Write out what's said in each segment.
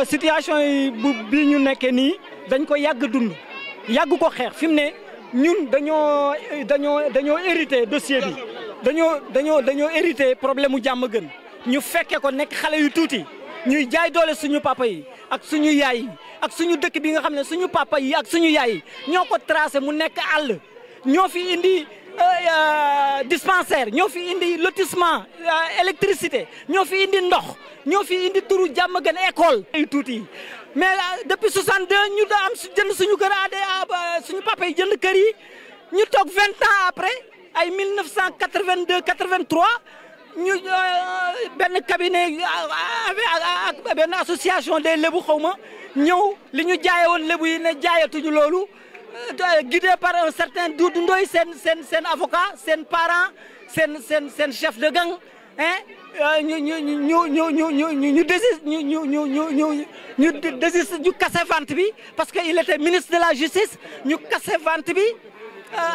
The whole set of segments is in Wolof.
Euh, situation yi bu bii ñu nekkee nii dañ ko yàgg dund yàgg ko xeex fi mu ne ñun dañoo dañoo dañoo hérité dossier bi dañoo dañoo dañoo hérité problème mu jàmm gën ñu fekkee ko nekk xale yu tuuti ñuy jaay doole suñu papa yi ak suñu yaay yi ak suñu dëkk bi nga xam ne suñu papa yi ak suñu yaay yi ñoo ko tracé mu nekk àll ñoo fi indi. Euh, euh, dispensaire ñoo fi indi lotissement euh, électricité ñoo fi indi ndox ñoo fi indi turu jàmm gën école ay tuuti mais depuis 62 ñu da am jënd suñu kër ah, a suñu papa yi jënd kër yi ñu toog vingt ans après ay 1982 83 ñu benn cabinet ak benn association des lébu xaw ma ñëw li ñu jaaye woon lébu yi ne jaayatuñu loolu guidé par un certain c'est son avocat, son parent, son chef de gang. Nous casser ventre bi parce qu'il était ministre de la justice. Nous cassons ventre bi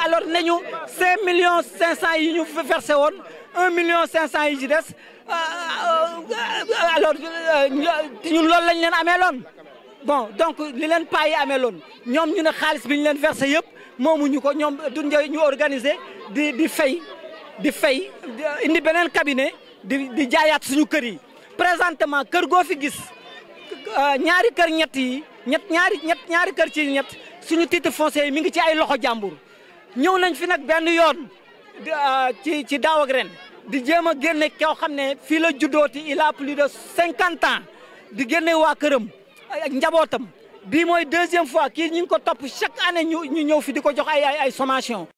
Alors, nous avons 5 millions 500 yi nous verser 1 million 500 yi Alors, nous l'avons amélioré. bon donc li leen paa yi amee loon ñoom ñu ne xaalis bi ñu leen versé yëpp moomuñu ko ñoom du ñu organiser di di fay di fay indi beneen cabinet di di jaayaat suñu kër yi présentement kër goo fi gis euh, ñaari kër ñett yi ñett ñaari ñett ñaari kër ci ñett suñu titre foncier yi mi ngi ci ay loxo jàmbur ñëw nañ fi nag benn yoon euh, ci ci daaw di jéem a génne koo xam ne fii la juddooti il a plus de cinquante ans di génne waa këram ak bi moy mooy deuxième fois ki ñing ko top chaque année ñu ñew fi diko jox ay ay sommation